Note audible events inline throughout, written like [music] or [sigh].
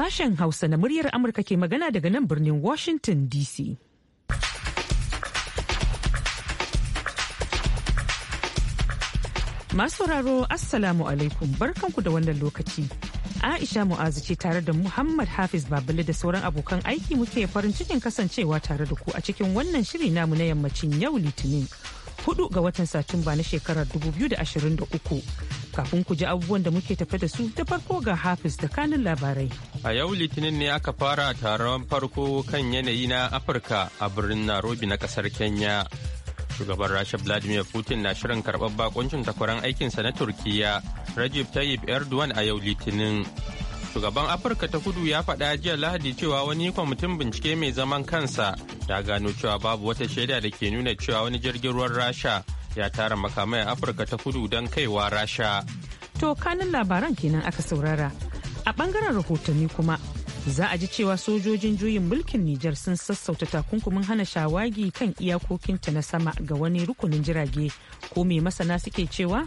Sashen Hausa na muryar Amurka ke magana daga nan birnin Washington DC. Masu sauraro Assalamu alaikum barkanku da wannan lokaci. Aisha Mu'azu ce tare da Muhammad Hafiz Babale da sauran abokan aiki muke farin cikin kasancewa tare da ku a cikin wannan shiri namu na yammacin yau Litinin. Hudu ga watan Satumba na shekarar 2023. Kafin ku ji abubuwan da muke tafe da su ta farko ga Hafiz da kanin labarai. A yau Litinin ne aka fara taron farko kan yanayi na Afirka a birnin narobi na kasar Kenya. Shugaban Rasha Vladimir Putin na shirin karɓar bakuncin takwaran aikinsa na Turkiyya Rajib Tayyip Erdogan a yau Litinin. Shugaban Afirka ta kudu ya faɗa jiya Lahadi cewa wani kwamitin bincike mai zaman kansa ta gano cewa babu wata shaida da ke nuna cewa wani jirgin ruwan Rasha ya tara makamai Afirka ta kudu don kaiwa Rasha. To kanin labaran kenan aka saurara. A bangaren rahotanni kuma za a ji cewa sojojin juyin mulkin Nijar sun sassauta takunkumin hana shawagi kan iyakokinta na sama ga wani rukunin jirage ko mai masana suke cewa?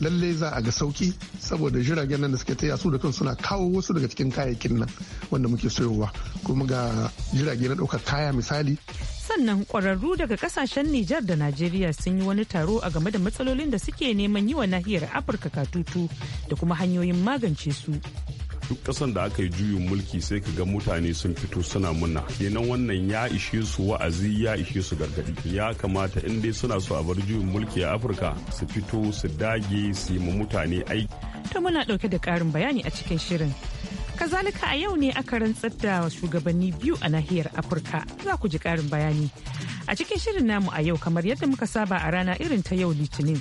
lalle za a ga sauki saboda jiragen nan da suke taya su da kan suna kawo wasu daga cikin kayayyakin nan wanda muke soyowa kuma ga jirage na ɗaukar kaya misali sannan kwararru daga kasashen Nijar da Najeriya sun yi wani taro a game da matsalolin da suke neman yi wa nahiyar Afirka katutu da kuma hanyoyin magance su. duk ƙasan da aka yi juyin mulki sai ka ga mutane sun fito suna murna kenan wannan ya ishe su wa'azi ya ishe su gargadi ya kamata in dai suna so a bar juyin mulki a afirka su fito su dage su yi mutane aiki to muna ɗauke da ƙarin bayani a cikin shirin kazalika a yau ne aka rantsar da shugabanni biyu a nahiyar afirka za ku ji ƙarin bayani a cikin shirin namu a yau kamar yadda muka saba a rana irin ta yau litinin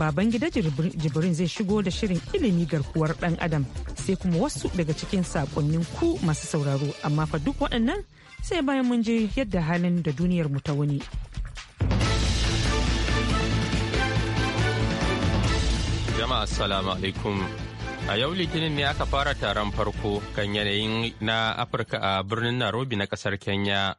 baban gida jibrin zai shigo da shirin ilimi garkuwar dan adam sai kuma wasu daga cikin sakonnin ku masu sauraro amma fa duk waɗannan sai bayan mun je yadda halin da duniyar mu ta wuni jama'a assalamu alaikum a yau litinin ne aka fara taron farko kan yanayin na afirka a birnin nairobi na kasar kenya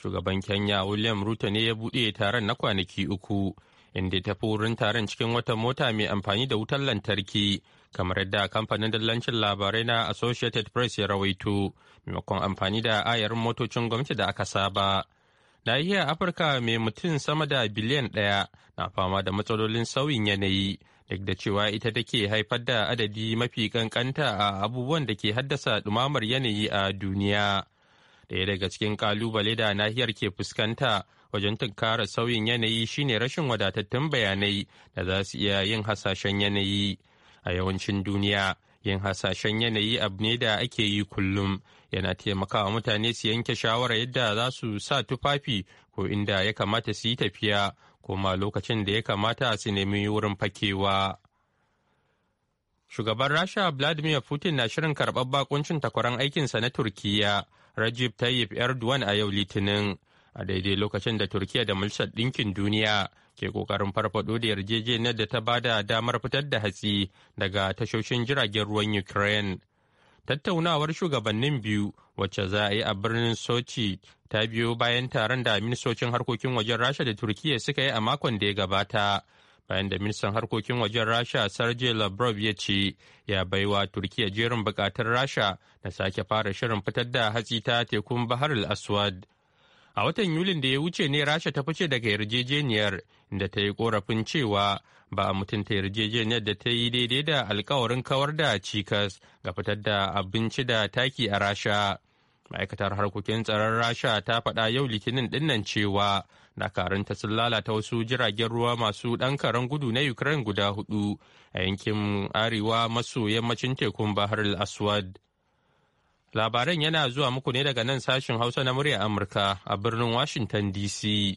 shugaban kenya william ruto ne ya buɗe taron na kwanaki uku inda ta fi wurin taron cikin wata mota mai amfani da wutar lantarki kamar yadda kamfanin dallancin labarai na associated press ya rawaito maimakon amfani da ayarin motocin gwamnati da aka saba nahiyar afirka mai mutum sama da biliyan ɗaya na fama da matsalolin sauyin yanayi duk da cewa ita take haifar da adadi mafi kankanta a abubuwan da ke haddasa ɗumamar yanayi a duniya ɗaya daga cikin ƙalubale da nahiyar ke fuskanta wajen tunkara sauyin yanayi shine rashin wadatattun bayanai da za su iya yin hasashen yanayi a yawancin duniya yin hasashen yanayi abu ne da ake yi kullum yana taimakawa mutane su yanke shawarar yadda za su sa tufafi ko inda ya kamata su yi tafiya ko ma lokacin da ya kamata su nemi wurin fakewa. Shugaban Rasha Vladimir Putin na shirin karɓar bakuncin takwaran aikinsa na Turkiyya Rajib Tayyip Erdogan a yau Litinin. a daidai lokacin da turkiya da mulshar ɗinkin duniya ke kokarin farfaɗo da yarjejeniyar da ta ba da damar fitar da hatsi daga tashoshin jiragen ruwan ukraine tattaunawar shugabannin biyu wacce za a yi a birnin sochi ta biyo bayan taron da ministocin harkokin wajen rasha da turkiya suka yi a makon da ya gabata bayan da ministan harkokin wajen rasha sergey lavrov ya ce ya baiwa turkiya jerin bukatar rasha na sake fara shirin fitar da hatsi ta tekun bahar al-aswad A watan Yulin da ya wuce ne Rasha ta fice daga yarjejeniyar inda ta yi korafin cewa ba a mutunta yarjejeniyar da ta yi daidai da alkawarin kawar da cikas ga fitar da abinci da taki a Rasha. Ma'aikatar harkokin tsaron Rasha ta faɗa yau Litinin dinnan cewa ta sun lalata wasu jiragen ruwa masu ɗan gudu na Ukraine guda hudu a yankin arewa maso yammacin tekun Bahar al-Aswad. Labaran yana zuwa muku ne daga nan sashen Hausa na murya Amurka a birnin Washington DC.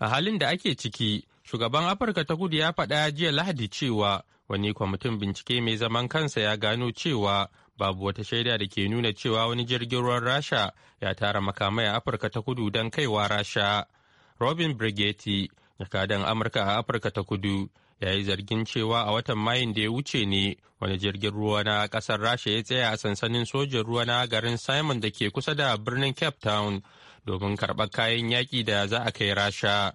A halin da ake ciki, shugaban Afirka ta kudu ya faɗa jiya Lahadi cewa wani kwamitin bincike mai zaman kansa ya gano cewa babu wata shaida da ke nuna cewa wani jirgin ruwan Rasha ya tara makamai a Afirka ta kudu don kaiwa Rasha. Robin Brigetti, jakadan Amurka a Afirka ta kudu, ya yi zargin cewa a watan Mayun da ya wuce ne wani jirgin ruwa na kasar Rasha ya tsaya a sansanin sojin ruwa na garin Simon da ke kusa da birnin Cape Town domin karɓar kayan yaƙi da za a kai Rasha.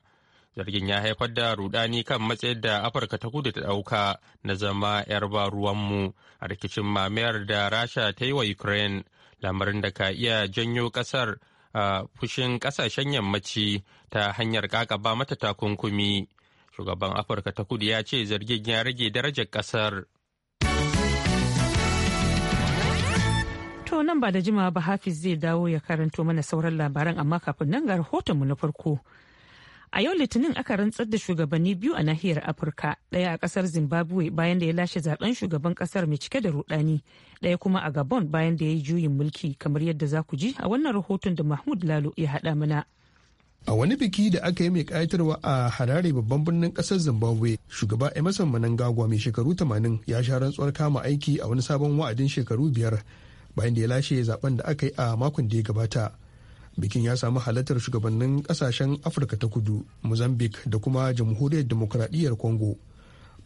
Zargin ya haifar da rudani kan matsayin da Afirka ta kudu ta ɗauka na zama 'yar ba ruwanmu a rikicin mamayar da Rasha ta yi wa Ukraine, lamarin da ka iya janyo ƙasar a fushin ƙasashen yammaci ta hanyar ƙaƙaba mata takunkumi. shugaban afirka ta kudu ya ce zargin ya rage darajar kasar to nan ba da jimawa ba hafiz zai dawo ya karanto mana sauran labaran amma kafin nan ga rahoton mu na farko a yau litinin aka rantsar da shugabanni biyu a nahiyar afirka daya a kasar zimbabwe bayan da ya lashe zaben shugaban kasar mai cike da rudani daya kuma a gabon bayan da ya yi juyin mulki kamar yadda za ku ji a wannan rahoton da mahmud lalo ya haɗa mana a wani biki da aka yi mai kayatarwa a harare babban birnin ƙasar zimbabwe shugaba emerson manangagwa mai shekaru 80 ya sha rantsuwar kama aiki a wani sabon wa'adin shekaru biyar bayan da ya lashe zaben da aka yi a makon da ya gabata bikin ya samu halartar shugabannin ƙasashen afirka ta kudu mozambique da kuma jamhuriyar demokuraɗiyyar congo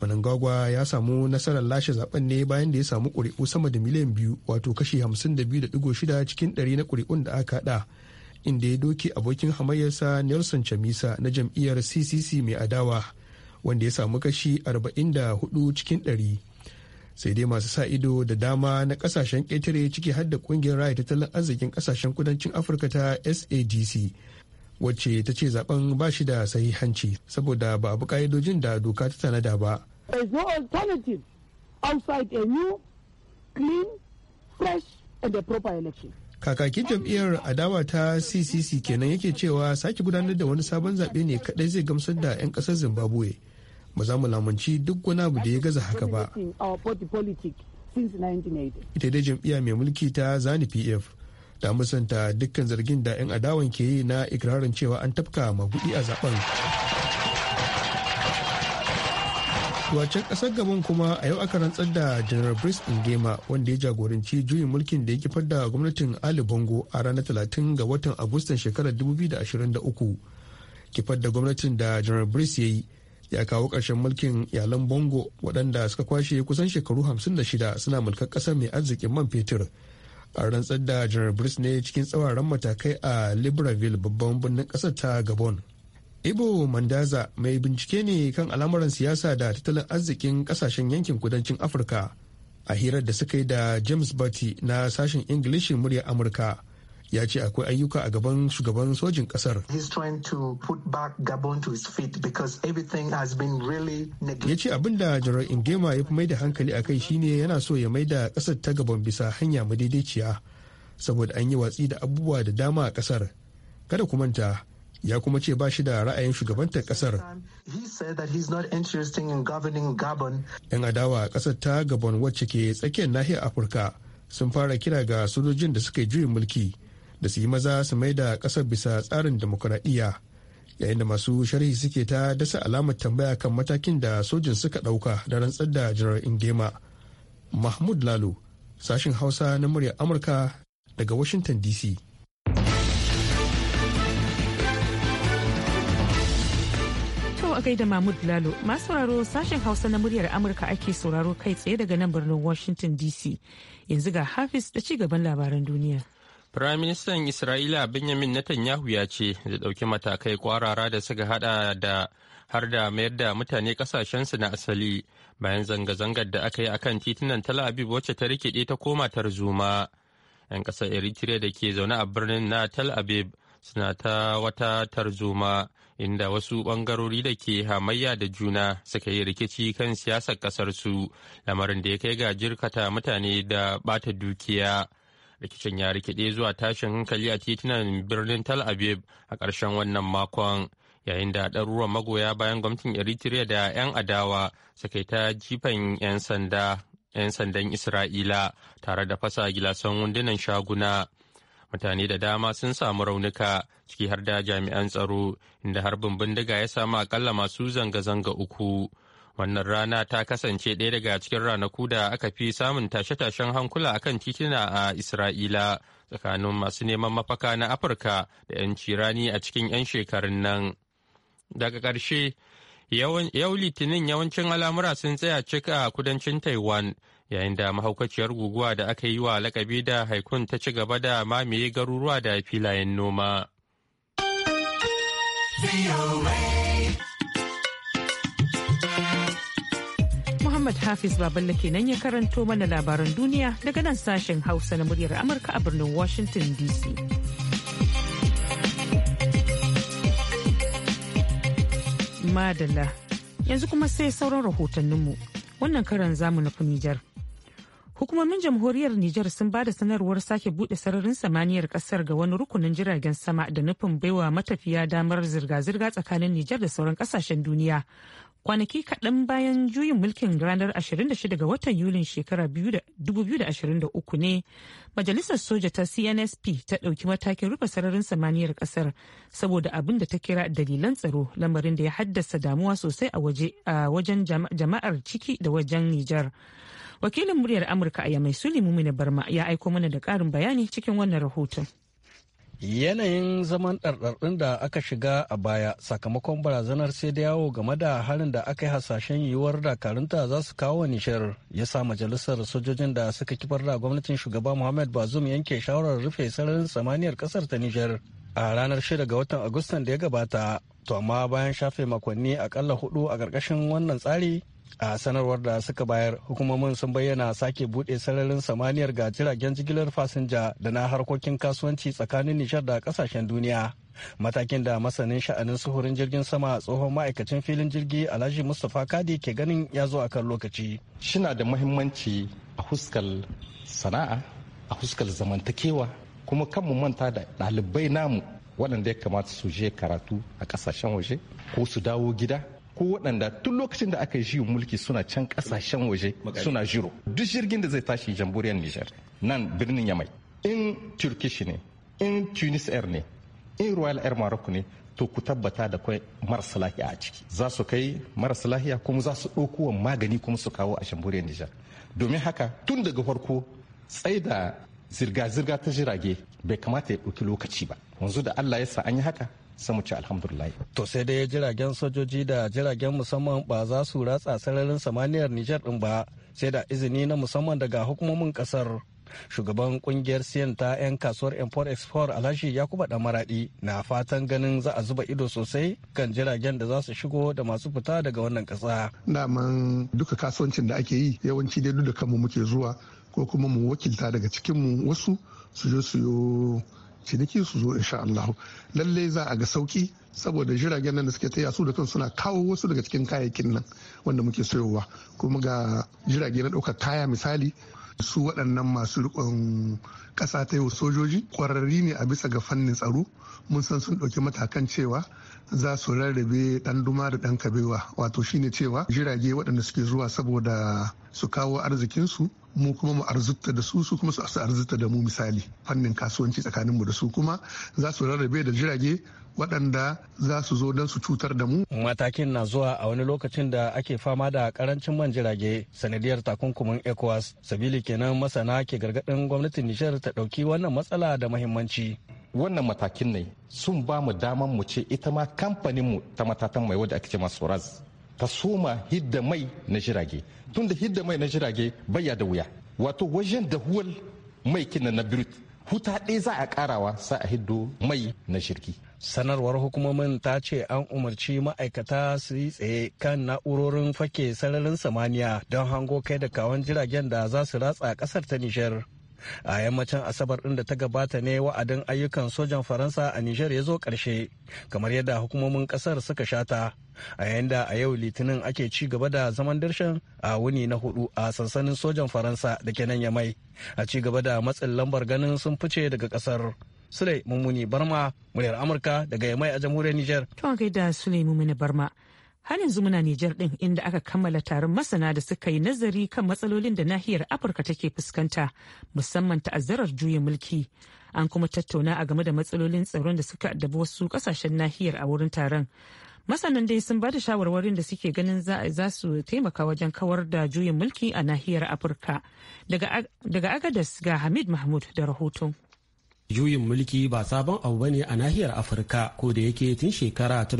manangagwa ya samu nasarar lashe zaben ne bayan da ya samu ƙuri'u sama da miliyan biyu wato kashi 52.6 cikin ɗari na ƙuri'un da aka haɗa inda ya doke abokin hamayyarsa nelson chamisa na jam'iyyar ccc mai adawa wanda ya samu kashi 44 cikin 100 sai dai masu sa ido da dama na kasashen ƙetare ciki har da ƙungiyar raya tattalin arzikin kasashen kudancin afirka ta sadc wacce ta ce zaben ba shi da sahihanci saboda ba abu ka'idojin da doka ta tanada ba outside a new, clean, fresh and a proper election. kakakin jam'iyyar adawa ta ccc kenan yake cewa sake gudanar da wani sabon zaɓe ne kadai zai gamsar da 'yan ƙasar zimbabwe ba za mu lamunci duk wani abu da ya gaza haka ba ita dai jam'iyya mai mulki ta zani pf ta musanta dukkan zargin da 'yan adawan ke yi na ikirarin cewa an tafka magudi a zaben Tuwacen kasar gaban kuma a yau aka rantsar da General Brice Ngema wanda ya jagoranci juyin mulkin da ya kifar da gwamnatin Ali Bongo a ranar 30 ga watan Agustan shekarar 2023. Kifar da gwamnatin da General Brice ya yi ya kawo ƙarshen mulkin iyalan Bongo waɗanda suka kwashe kusan shekaru 56 suna mulkar ƙasar mai arzikin man fetur. a rantsar da general janar ne cikin tsawaran matakai a libreville babban birnin kasar ta gabon Ibo Mandaza mai bincike ne kan al'amuran siyasa da tattalin arzikin kasashen yankin kudancin Afirka a hirar da suka yi da James Batty na sashen Ingilishin muryar Amurka. ya ce akwai ayyuka a gaban shugaban sojin kasar. Ya ce abin da jarar Ingema ya fi mai da hankali a kai shine yana so ya mai da kasar ta gaban bisa hanya madaidaiciya saboda an yi watsi da abubuwa da dama a kasar. Kada ku manta ya kuma ce ba shi da ra'ayin shugabantar kasar. Yan adawa a kasar ta Gabon wacce ke tsakiyar nahiyar Afirka sun fara kira ga sojojin da suka yi juyin mulki da su yi maza su mai da kasar bisa tsarin demokuraɗiyya yayin da masu sharhi suke ta dasa alamar tambaya kan matakin da sojin suka ɗauka da rantsar da jiran ingema. Mahmud Lalo, sashin Hausa na muryar Amurka daga Washington DC. kai da Mahmud Lalo, masu sauraro sashen Hausa na muryar Amurka ake sauraro kai tsaye daga nan birnin Washington DC. Yanzu ga Hafiz da ci gaban labaran duniya. Firaministan Isra'ila Benjamin Netanyahu ya ce zai ɗauki matakai kwarara da suka hada da har da mayar da mutane kasashensu na asali bayan zanga-zangar da aka yi a kan titunan Tel Aviv wacce ta rikide ta koma tarzoma. 'Yan ƙasar Eritrea da ke zaune a birnin na Tel Aviv suna ta wata tarzoma inda wasu bangarori da ke hamayya da juna suka yi rikici kan siyasar ƙasarsu lamarin da ya kai ga jirkata mutane da bata dukiya rikicin ya rikide zuwa tashin hankali a titunan birnin tal aviv a ƙarshen wannan makon yayin da ɗaruruwan magoya bayan gwamnatin eritrea da 'yan adawa suka yi ta jifan 'yan sandan isra'ila tare da fasa gilasan wundunan shaguna mutane da dama sun samu raunuka ciki har da jami'an tsaro inda harbin bindiga ya samu akalla masu zanga-zanga uku wannan rana ta kasance ɗaya daga cikin ranaku da aka fi samun tashe-tashen hankula akan titina a isra'ila tsakanin masu neman mafaka na afirka da 'yanci rani a cikin 'yan shekarun nan daga ƙarshe yau litinin yawancin al'amura sun tsaya cika a kudancin taiwan yayin da mahaukaciyar guguwa da aka yi wa lakabi da haikun ta ci gaba da mamaye garuruwa da filayen noma. Muhammad Hafiz Baballe kenan ya karanto mana labaran duniya daga nan sashen Hausa na muryar Amurka a birnin Washington DC. Madala, yanzu kuma sai sauran rahotanninmu. Wannan karan zamu nufi Nijar. Hukumomin jamhuriyar Nijar sun ba da sanarwar sake bude sararin samaniyar kasar ga wani rukunin jiragen sama da nufin baiwa matafiya damar zirga-zirga tsakanin Nijar da sauran kasashen duniya. Kwanaki kaɗan bayan juyin mulkin ranar 26 ga watan Yulin shekara 2023 ne, Majalisar Soja ta CNSP ta ɗauki matakin rufe sararin samaniyar ƙasar saboda abin da ta kira dalilan tsaro lamarin da ya haddasa damuwa sosai a wajen jama'ar ciki da wajen Nijar. wakilin muryar amurka a yamai sulimu na barma ya aiko mana da karin bayani cikin wannan rahoton yanayin zaman ɗarɗarɗin da aka shiga a baya sakamakon barazanar sai da yawo game da harin da aka yi hasashen yiwuwar dakarunta za su kawo nishar ya sa majalisar sojojin da suka kifar da gwamnatin shugaba muhammad bazum yanke shawarar rufe sararin samaniyar kasar ta nijar a ranar shida ga watan agustan da ya gabata to amma bayan shafe makonni akalla hudu a ƙarƙashin wannan tsari a sanarwar da suka bayar hukumomin sun bayyana sake bude sararin samaniyar ga jiragen jigilar fasinja da na harkokin kasuwanci tsakanin nishar da kasashen duniya matakin da masanin sha'anin suhurin jirgin sama tsohon ma'aikacin filin jirgi alhaji mustapha kadi ke ganin ya zo a kan lokaci shina da muhimmanci a huskar sana'a a huskar zamantakewa kuma kan mu manta da ɗalibai namu waɗanda ya kamata su je karatu a ƙasashen waje ko su dawo gida ko waɗanda tun lokacin da aka yi mulki suna can ƙasashen waje suna jiro duk jirgin da zai tashi jamhuriyar nijar nan birnin yamai in turkish ne in tunis air ne in royal air morocco ne to ku tabbata da kai marasa lahiya a ciki za su kai marasa lahiya kuma za su ɗauko magani kuma su kawo a jamhuriyar nijar domin haka tun daga farko tsai da zirga-zirga ta jirage bai kamata ya ɗauki lokaci ba Wanzu da allah ya sa an yi haka sai mu ci alhamdulillah to sai dai jiragen sojoji da jiragen musamman ba za su ratsa sararin samaniyar Nijar din ba sai da izini na musamman daga hukumomin kasar shugaban kungiyar siyan ta 'yan kasuwar import export alhaji yakuba maraɗi maradi na fatan ganin za a zuba ido sosai kan jiragen da za su shigo da masu fita daga wannan kasa daman duka kasuwancin da ake yi yawanci dai duk da kanmu muke zuwa ko kuma mu wakilta daga cikinmu wasu su je su yo ciniki su zo insha Allah lalle za a ga sauki saboda jiragen nan da suke taya su da kansu suna kawo wasu daga cikin kayayyakin nan wanda muke sayowa kuma ga jirage na ɗaukar kaya misali su waɗannan masu riƙon ƙasa ta yau sojoji ƙwararri ne a bisa ga fannin tsaro mun san sun ɗauki matakan cewa za su rarrabe dan duma da dan kabewa wato shine cewa jirage waɗanda suke zuwa saboda su kawo arzikinsu mu kuma mu arzuta da su su kuma su arzuta da mu misali fannin kasuwanci tsakaninmu da su kuma za su rarrabe da jirage waɗanda za su zo don su cutar da mu. Matakin na zuwa a wani lokacin da ake fama da karancin man jirage sanadiyar takunkumin ECOWAS. Sabili kenan masana ke gargaɗin gwamnatin Nijar ta ɗauki wannan matsala da mahimmanci. wannan matakin ne sun ba mu daman mu ce ita ma kamfanin mu ta matatan mai wadda ake ce masu ta soma hidda mai na jirage tun hidda mai na jirage ya da wuya wato wajen da huwal mai kina na birut huta ɗaya za a karawa sa a hiddo mai na shirki sanarwar hukumomin ta ce an umarci ma'aikata su yi tsaye kan na'urorin fake sararin samaniya don hango kai da kawon jiragen da za su ratsa ƙasar ta nijar a yammacin asabar ɗin da ta gabata ne wa'adin ayyukan sojan faransa a nijar ya zo karshe kamar yadda hukumomin ƙasar suka shata a yayin da a yau litinin ake ci gaba da zaman dirshan a wuni na hudu a sansanin sojan faransa da kenan ya mai. a ci gaba da matsin lambar ganin sun fice daga kasar sule mummuni barma muryar amurka daga ya mai a jamhuriyar nijar. to da mummuni barma har yanzu muna Nijar ɗin inda aka kammala taron masana da suka yi nazari kan matsalolin da nahiyar Afirka take fuskanta musamman ta'azzarar juyin mulki. An kuma tattauna a game da matsalolin tsaron da suka addabi wasu ƙasashen nahiyar a wurin taron. Masanan dai sun ba da shawarwarin da suke ganin za su taimaka wajen kawar da juyin mulki a nahiyar Afirka. Daga Agadas ga Hamid Mahmud da rahoton. Juyin mulki ba sabon abu bane a nahiyar Afirka ko da yake tun shekara ta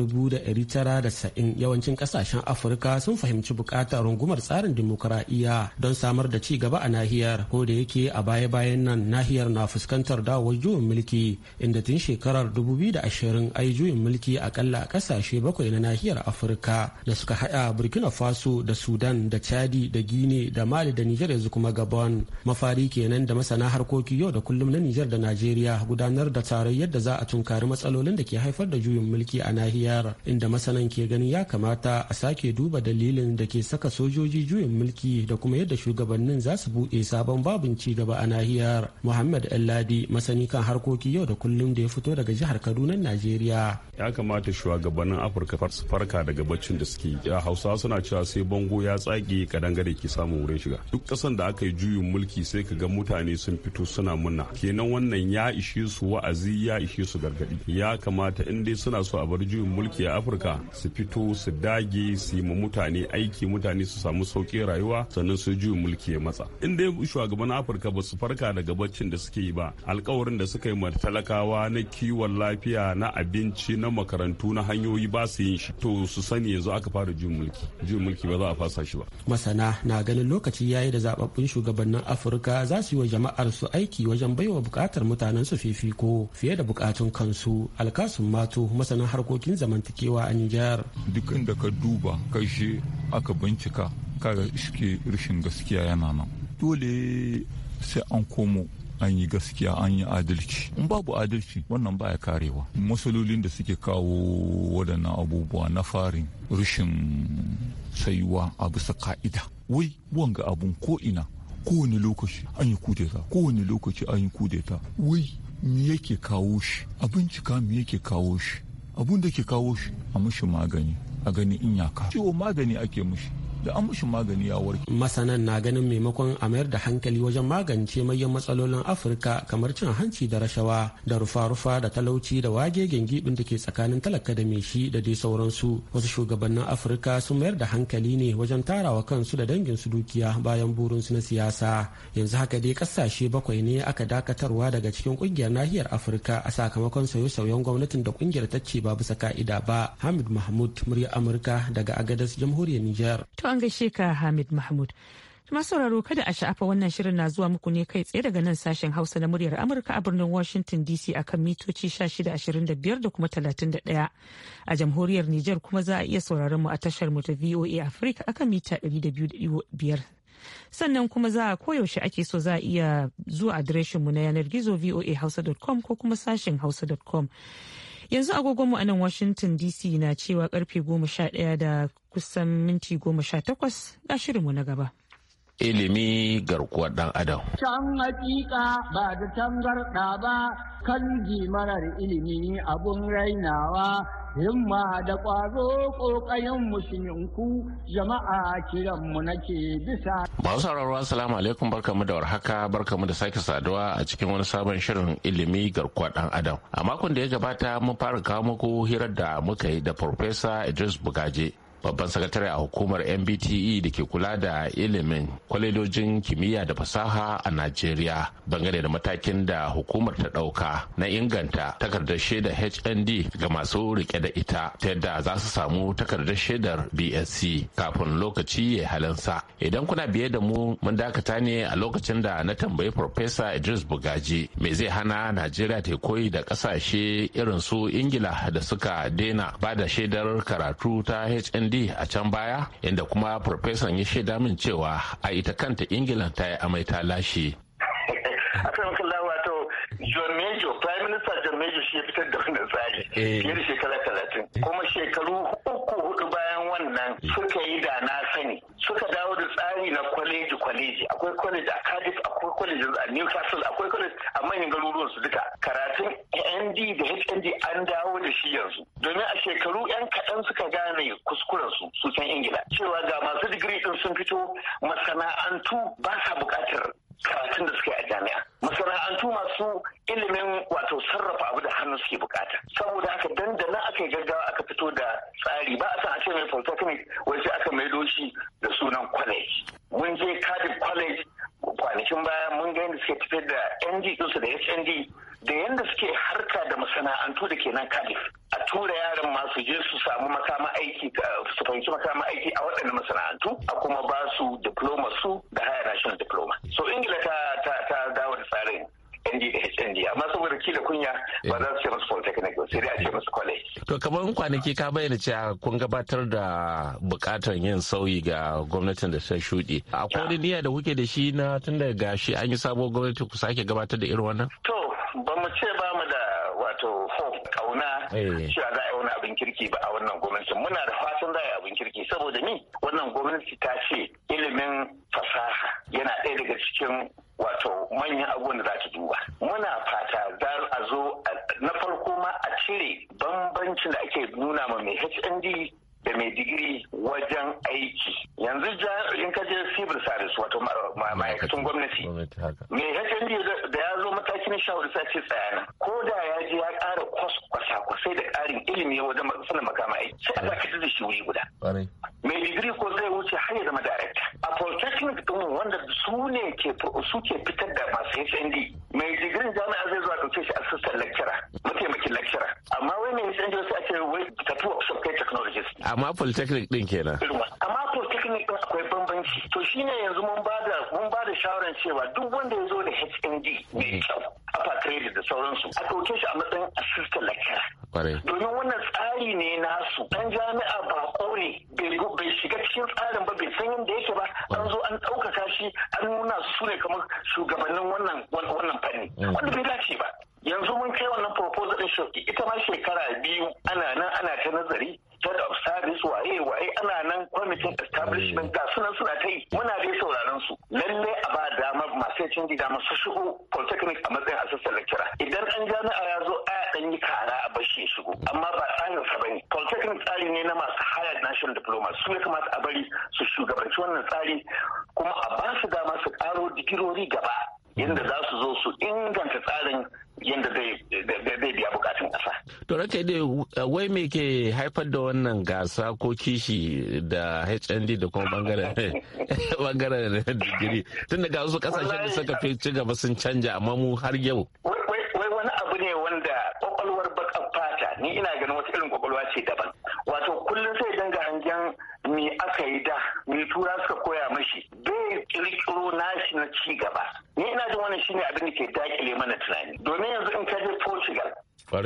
sa'in yawancin kasashen Afirka sun fahimci bukatar rungumar tsarin dimokuraɗiyya don samar da ci gaba a nahiyar ko da yake a baya-bayan nan nahiyar na fuskantar dawowar juyin mulki inda tun shekarar da 2020 ai juyin mulki akalla a kasashe bakwai na nahiyar Afirka da suka haɗa Burkina Faso da Sudan da Chadi da Guinea da Mali da Nijar yanzu kuma Gabon mafari kenan da masana harkoki yau da kullum na Nijar da Najeriya Najeriya gudanar da taron yadda za a tunkari matsalolin da ke haifar da juyin mulki a nahiyar inda masanan ke ganin ya kamata a sake duba dalilin da ke saka sojoji juyin mulki da kuma yadda shugabannin za su buɗe sabon babin ci gaba a nahiyar. Muhammad Elladi masani kan harkoki yau da kullum da ya fito daga jihar Kaduna Najeriya. Ya kamata shugabannin Afirka su farka daga baccin da suke ya Hausawa suna cewa sai bango ya tsage kadangare ke samun wurin shiga. Duk kasan da aka yi juyin mulki sai ka ga mutane sun fito suna munna. Kenan wannan ya ya ishe su wa'azi ya ishe su gargadi ya kamata in dai suna so a bar juyin mulki a afirka su fito su dage su yi mutane aiki mutane su samu sauƙin rayuwa sannan su juyin mulki ya matsa in dai shugaban afirka ba su farka daga baccin da suke yi ba alkawarin da suka yi ma talakawa na kiwon lafiya na abinci na makarantu na hanyoyi ba su yin shi to su sani yanzu aka fara juyin mulki juyin mulki ba za a fasa shi ba masana na ganin lokaci yayi da zababbun shugabannin afirka za su yi wa jama'ar su aiki wajen baiwa bukatar mutane mutanensu ko fiye da bukatun kansu alkasun mato masanin harkokin zamantakewa a Nijar. Duk inda ka duba kashe aka bincika kaga iske rashin gaskiya yana nan. Dole sai an komo an yi gaskiya an yi adalci in babu adalci wannan baya karewa masalolin da suke kawo waɗannan abubuwa na farin rashin sayuwa a bisa ka'ida wai wanga abun ko ina kowane lokaci an yi kudeta kowane lokaci an yi kudeta wai me yake kawo shi a bincika me yake kawo shi abun da ke kawo shi a mushi magani a gani in ya ka ciwo magani ake mushi da an mushi magani ya warke. Masanan na ganin maimakon a mayar da hankali wajen magance manyan matsalolin Afirka kamar cin hanci da rashawa da rufa-rufa da talauci da wage gingibin da ke tsakanin talaka da meshi da dai sauransu. Wasu shugabannin Afirka sun mayar da hankali ne wajen tarawa kansu da dangin su dukiya bayan burinsu na siyasa. Yanzu haka dai kasashe bakwai ne aka dakatarwa daga cikin kungiyar nahiyar Afirka a sakamakon sauye-sauyen gwamnatin da kungiyar ta ce ba bisa ka'ida ba. Hamid Mahmud, murya Amurka daga Agadas, Jamhuriyar Nijar. an gaishe ka Hamid Mahmud. sauraro kada a sha'afa wannan shirin na zuwa muku ne kai tsaye daga nan sashen Hausa na muryar Amurka a birnin Washington DC a kan mitoci 1625 da kuma 31. A jamhuriyar Nijar kuma za a iya sauraron mu a tashar mu ta VOA Africa akan mita biyar Sannan kuma za a koyaushe ake so za a iya zuwa adireshinmu na yanar gizo voa voahausa.com ko kuma sashen hausa.com. Yanzu agogonmu a nan Washington DC na cewa karfe goma sha ɗaya da kusan minti goma sha takwas ga shirinmu na gaba. Ilimi garkuwar dan adam. Can hakika ba da tangarɗa ba kan marar ilimi abun rainawa himma da ƙwazo ƙoƙayen musulminku jama'a kiranmu nake bisa. Masu sauraro assalamu alaikum barkamu da warhaka barkamu da sake saduwa a cikin wani sabon shirin ilimi garkuwa ɗan adam. A makon da ya gabata mun fara kawo muku hirar da muka yi da Farfesa Idris Bugaje babban sakatare a hukumar mbte da ke kula da ilimin kwalejojin kimiyya da fasaha a najeriya bangare da matakin da hukumar ta dauka na inganta takardar shaidar hnd ga masu rike da ita ta yadda za su samu takardar shaidar bsc kafin lokaci ya halinsa idan kuna biye da mu mun dakata ne a lokacin da na tambayi farfesa idris bugaji me zai hana najeriya ta koyi da kasashe irin su ingila da suka daina ba da shaidar karatu ta hnd ld a can baya inda kuma profesan ya shaida min cewa a ita kanta ingila ta yi amai ta lashe John Major, Prime Minister John Major shi ya fitar da wannan tsari eh. fiye da shekara talatin. Kuma shekaru uku hudu bayan wannan suka yi da suka dawo da tsari na kwaleji kwaleji akwai kwaleji a Cardiff akwai kwaleji a Newcastle akwai kwaleji a manyan garuruwan su duka karatun ND da HND an dawo da shi yanzu domin a shekaru yan kaɗan suka gane kuskuren su su Ingila cewa ga masu digiri din sun fito masana'antu ba sa buƙatar karatun da suke a jami'a masana'antu masu ilimin wato sarrafa abu da hannu suke bukata saboda haka dandana aka yi gaggawa aka fito da tsari ba a san a ce mai polytechnic wai sai aka maido shi da sunan college mun je cardiff college kwanakin baya mun ga yadda suke fitar da ng ɗinsu da HND da yadda suke harka da masana'antu da ke nan cardiff tura yaran ma su je su samu makama aiki su fahimci makama aiki a waɗannan masana'antu a kuma ba su diploma su da haya national diploma so ingila ta ta dawo da tsarin NDHND amma saboda ki da kunya ba za su ce masu polytechnic ba sai dai a ce masu college. To kamar kwanaki ka bayyana cewa kun gabatar da bukatar yin sauyi ga gwamnatin da ta shuɗe. Akwai wani niyya da kuke da shi na tun daga shi an yi sabuwar gwamnati ku sake gabatar da irin wannan? To ba mu ce ba Eh. cewa za a yi wani abin kirki ba a wannan gwamnati muna da fatan za a yi abin kirki saboda ni wannan gwamnati ta ce ilimin fasaha yana ɗaya daga cikin wato manyan abubuwan da za ta duba muna fata za a zo na farko ma a cire bambancin da ake nuna ma mai hnd da mai digiri wajen aiki yanzu in ka je civil service wato ma'aikatan gwamnati mai hnd da ya zo matakin shawar sa ce tsayana ko da ya je ya ƙara kwasa-kwasai da ƙarin ilimi wajen sanin makama aiki sai a zaka da shi wuri guda mai digiri ko zai wuce har ya zama director a polytechnic wanda su ne suke fitar da masu HND mai digirin jami'a zai zuwa ɗauke shi assistant lecturer mataimakin lecturer amma wai mai HND sai a ce wai tafi workshop technologies amma polytechnic din kenan amma To shi ne yanzu mun bada mun bada shawaran cewa duk wanda ya zo da HND mai mm-hmm. kyau upper credit da sauransu a ɗauke shi a matsayin assistant lecturer domin wannan tsari ne nasu dan jami'a ba kore bai shiga cikin tsarin ba bai san yadda yake ba an zo an ɗaukaka shi an nuna su ne kamar shugabannin wannan wannan fanni mm-hmm. wanda bai dace ba yanzu mun kai wannan proposal din ita ma shekara biyu ana nan ana ta nazari head of service waye waye ana nan kwamitin establishment ga sunan suna ta muna dai sauraron su lalle a ba damar masu cin gida masu shigo polytechnic a matsayin assistant lecturer idan an jami'a ya zo a dan yi kara a bashi shigo amma ba tsarin sa bane polytechnic tsari ne na masu hired national diploma su ya kamata a bari su shugabanci wannan tsari kuma a ba su dama su karo digirori gaba yadda za su zo su inganta tsarin yadda zai biya bukatun ƙasa. To raka dai wai me ke haifar da wannan gasa ko kishi da HND da kuma [laughs] bangaren digiri tunda ga wasu kasashe da suka fi ci gaba sun canja amma mu har yau. Wai wani abu ne wanda kwakwalwar bakan fata ni ina ganin wata irin kwakwalwa ce daban. Wato kullum sai ne aka yi da mai tura suka koya mashi bai kirkiro nashi na ci gaba ni ina jin wannan shine abin da ke dakile mana tunani domin yanzu in ka je Portugal da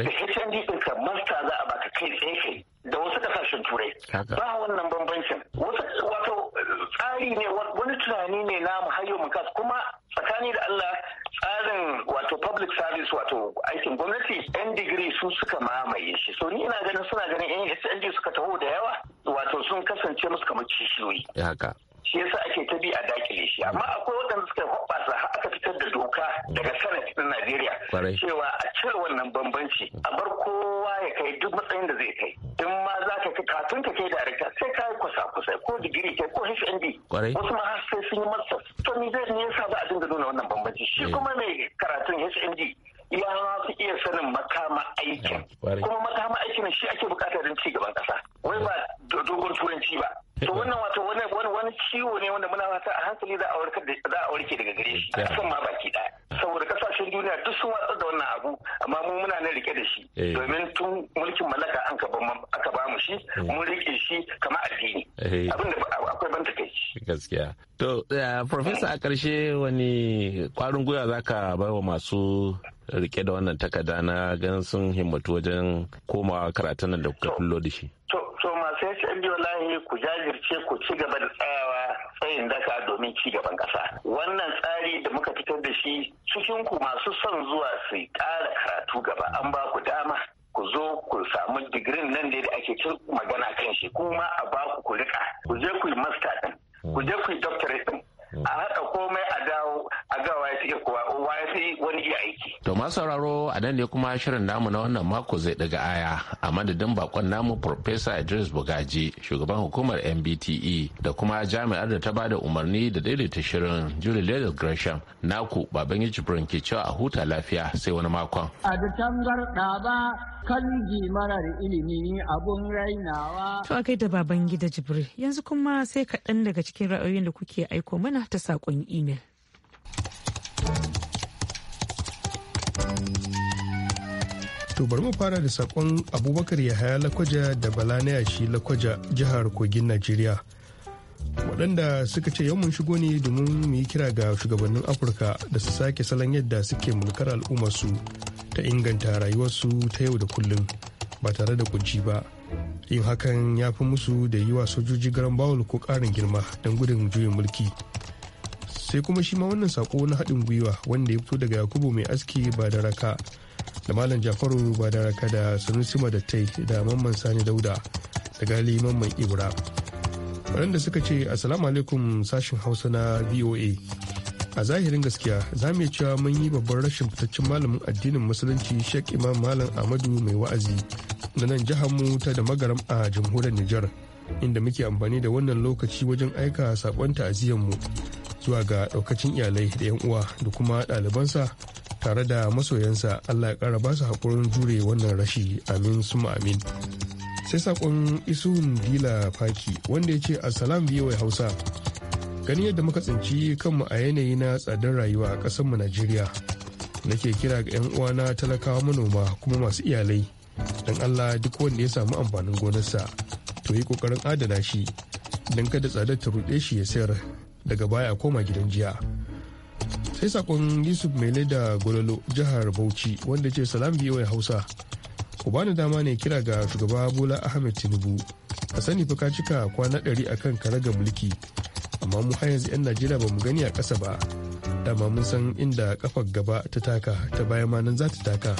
din ka master za a baka kai tsaye kai da wasu kasashen turai ba wannan bambancin wato tsari ne wani tunani ne na mu hayo mu kuma tsakani da Allah tsarin wato public service wato aikin gwamnati yan digiri su suka mamaye shi so ni ina ganin suna ganin yan sng suka taho da yawa wato sun kasance musu kamar kishiyoyi eh, shi yasa ake ta bi a dakile shi amma akwai waɗanda suka hoɓɓasa har aka fitar da doka daga sanat na Najeriya cewa a cire wannan bambanci a bar kowa ya kai duk matsayin da zai kai in ma za ka kafin ka kai da ko digiri ke ko HND wasu ma har sai sun yi masa to ni zai ne yasa ba a dinga nuna wannan bambanci shi eh. kuma mai karatun HND ya fi iya sanin makama aikin kuma makama aikin shi ake bukata don ci gaban kasa wai ba dogon turanci ba to wannan wato wani ciwo ne wanda muna wata a hankali za a warkar da za a warke daga gare shi a kan ma baki daya saboda kasashen duniya duk sun watsar da wannan abu amma mu muna nan rike da shi eh. domin tun mulkin mallaka an ka aka ba mu shi eh. mun rike shi kamar addini eh. abin da akwai ban takeici gaskiya to professor a karshe wani kwarin gwiwa zaka bai wa masu rike da wannan takarda na ganin sun himmatu wajen komawa karatun nan da kuka da shi to sandi wallahi ku jajirce ku ci gaba da tsayawa tsayin daka domin ci gaban ƙasa wannan tsari da muka fitar da shi cikin ku masu son zuwa su ƙara karatu gaba an ba ku dama ku zo ku samu digirin nan da ake cin magana kan shi kuma a ba ku ku rika ku je ku yi master ɗin, ku je ku yi doctorate ɗin, a haɗa komai a dawo a ga waye take wa ya sai wani iya aiki to ma sauraro a nan ne kuma shirin namu na wannan mako zai daga aya a madadin bakon namu Profesa Idris Bugaji shugaban hukumar MBTE da kuma jami'ar da ta ba da umarni da daidaita shirin Julie Leda Gresham naku baban yi jibrin ke cewa a huta lafiya sai wani makon a da tangarda kanji marar ilimi abun rainawa to akai da baban gida jibrin yanzu kuma sai kaɗan daga cikin ra'ayoyin da kuke aiko mana ta saƙon imel. To bari mu fara da sakon Abubakar Yahaya Lakwaja da Bala na yashi Lakwaja jihar Kogin Najeriya. Waɗanda suka ce yau mun shigo ne domin mu yi kira ga shugabannin Afirka da su sake salon yadda suke mulkar al'ummarsu ta inganta rayuwarsu ta yau da kullum ba tare da kunci ba. Yin hakan ya fi musu da yiwa sojoji garan bawul ko ƙarin girma don gudun juyin mulki. Sai kuma shi ma wannan sako na haɗin gwiwa wanda ya fito daga Yakubu mai aski ba da raka. da malam jafaru badaraka da sanusi sunusima da da mamman sani dauda da gali mamman ibra waɗanda suka ce assalamu alaikum sashin hausa na voa a zahirin gaskiya za mu cewa mun yi babban rashin fitaccen malamin addinin musulunci sheikh imam malam amadu mai wa'azi na nan jihar mu ta da magaram a jamhuriyar nijar inda muke amfani da wannan lokaci wajen aika saƙon mu zuwa ga ɗaukacin iyalai da 'yan uwa da kuma ɗalibansa tare da masoyansa allah ya kara basu haƙurin jure wannan rashi amin suma amin sai sakon isun dila faki wanda ya ce assalam biyu hausa ganin yadda muka tsinci kanmu a yanayi na tsadar rayuwa a ƙasarmu najeriya nake kira ga 'yan uwana talakawa manoma kuma masu iyalai don allah duk wanda ya samu amfanin gonarsa to yi kokarin adana shi don kada tsadar ta ruɗe shi ya sayar daga baya koma gidan jiya sai sakon yusuf mai da gololo jihar bauchi wanda ce salam ya hausa ku bani dama ne kira ga shugaba bola ahmed tinubu a sani fa ka cika kwana ɗari akan ga mulki amma mu har yanzu 'yan najeriya ba mu gani a ƙasa ba dama mun san inda kafar gaba ta taka ta baya ma nan za ta taka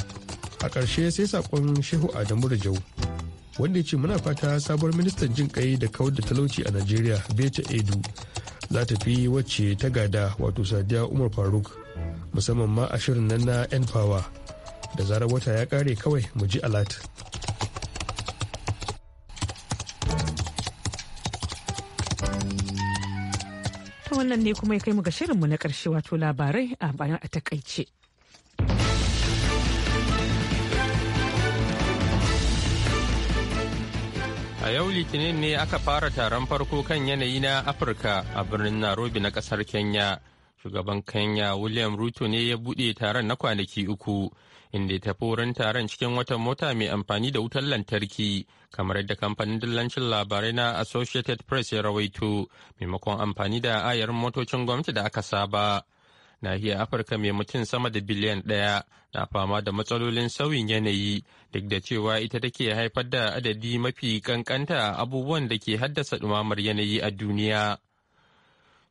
a ƙarshe sai sakon shehu adamu da jau. wanda ya ce muna fata sabuwar ministan jin kai da kawar da talauci a najeriya beta edu za ta fi wacce ta gada wato sadiya umar faruk musamman ma a shirin nan na 'yan fawa da zarar wata ya kare kawai mu ji alat wannan ne kuma ya kai mu ga shirinmu na ƙarshe wato labarai a bayan a takaice. A yau Litinin ne aka fara taron farko kan yanayi na Afirka a birnin narobi na kasar Kenya. Shugaban Kenya William Ruto ne ya buɗe taron na kwanaki uku, inda ya tafi wurin taron cikin wata mota mai amfani da wutar lantarki, kamar yadda kamfanin dillancin labarai na Associated Press ya rawaito, maimakon amfani da ayar motocin gwamnati da aka saba. nahiyar afirka mai mutum sama da biliyan ɗaya na fama da matsalolin sauyin yanayi duk da cewa ita take haifar da adadi mafi kankanta abubuwan da ke haddasa dumamar yanayi a duniya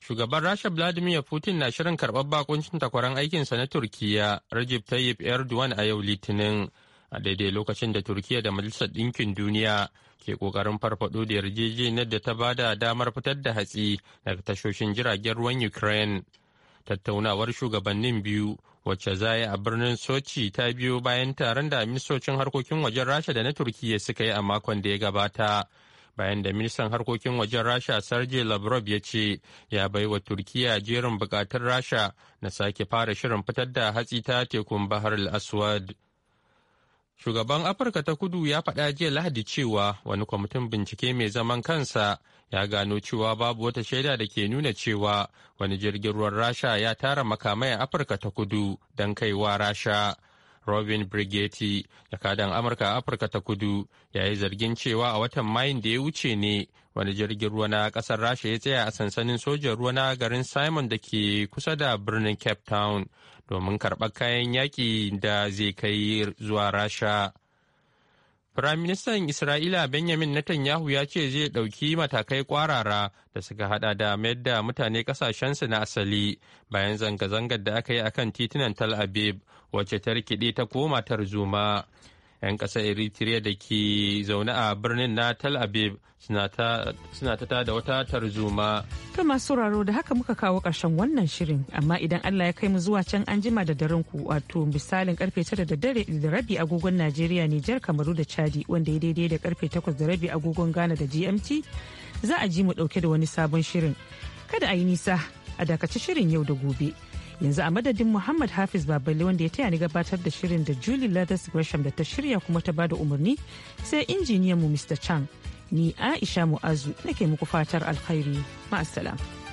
shugaban rasha vladimir putin na shirin karɓar bakuncin takwaran aikinsa na turkiyya rajib tayyip erdogan a yau litinin a daidai lokacin da turkiya da majalisar ɗinkin duniya ke ƙoƙarin farfaɗo da yarjejeniyar da ta ba da damar fitar da hatsi daga tashoshin jiragen ruwan ukraine tattaunawar shugabannin biyu wacce za yi a birnin sochi ta biyo bayan taron da ministocin harkokin wajen rasha da na turkiya suka yi a makon da ya gabata bayan da ministan harkokin wajen rasha sarge lavrov ya ce ya bai wa turkiya jerin bukatun rasha na sake fara shirin fitar da hatsi ta tekun bahar al-aswad Shugaban Afirka ta kudu ya faɗa jiya Lahadi cewa wani kwamitin bincike mai zaman kansa ya gano cewa babu wata shaida da ke nuna cewa wani jirgin ruwan Rasha ya tara makamai a Afirka ta kudu don kaiwa Rasha. Robin Brigetti, jakadan Amurka a Afirka ta kudu, ya yi zargin cewa a watan mayin da ya wuce ne wani jirgin ruwa na kasar rasha ya tsaya a sansanin sojan ruwa na garin simon da ke kusa da birnin cape town domin karɓar kayan yaƙi da zai kai zuwa rasha Firaministan Isra'ila Benjamin Netanyahu ya ce zai ɗauki matakai kwarara da suka hada da mayar da mutane ƙasashensu na asali bayan zanga-zangar da aka yi akan titunan Tal Aviv wacce ta rikide ta koma tarzoma. 'yan ƙasar eritrea da ke zaune a birnin na tel aviv suna ta da wata tarzoma ta masu sauraro da haka muka kawo ƙarshen wannan shirin amma idan allah ya kai mu zuwa can an jima da daren ku wato misalin karfe tara da dare da rabi agogon najeriya nijar kamaru da chadi wanda ya daidai da karfe takwas da rabi agogon ghana da gmt za a ji mu ɗauke da wani sabon shirin kada a yi nisa a dakaci shirin yau da gobe. yanzu a madadin muhammad hafiz babali wanda ya taya ni gabatar da shirin da julie ladas gresham da ta shirya kuma ta bada umarni sai injiniyan mu mr chang ni aisha mu'azu nake muku fatar alkhairi ma'assalam.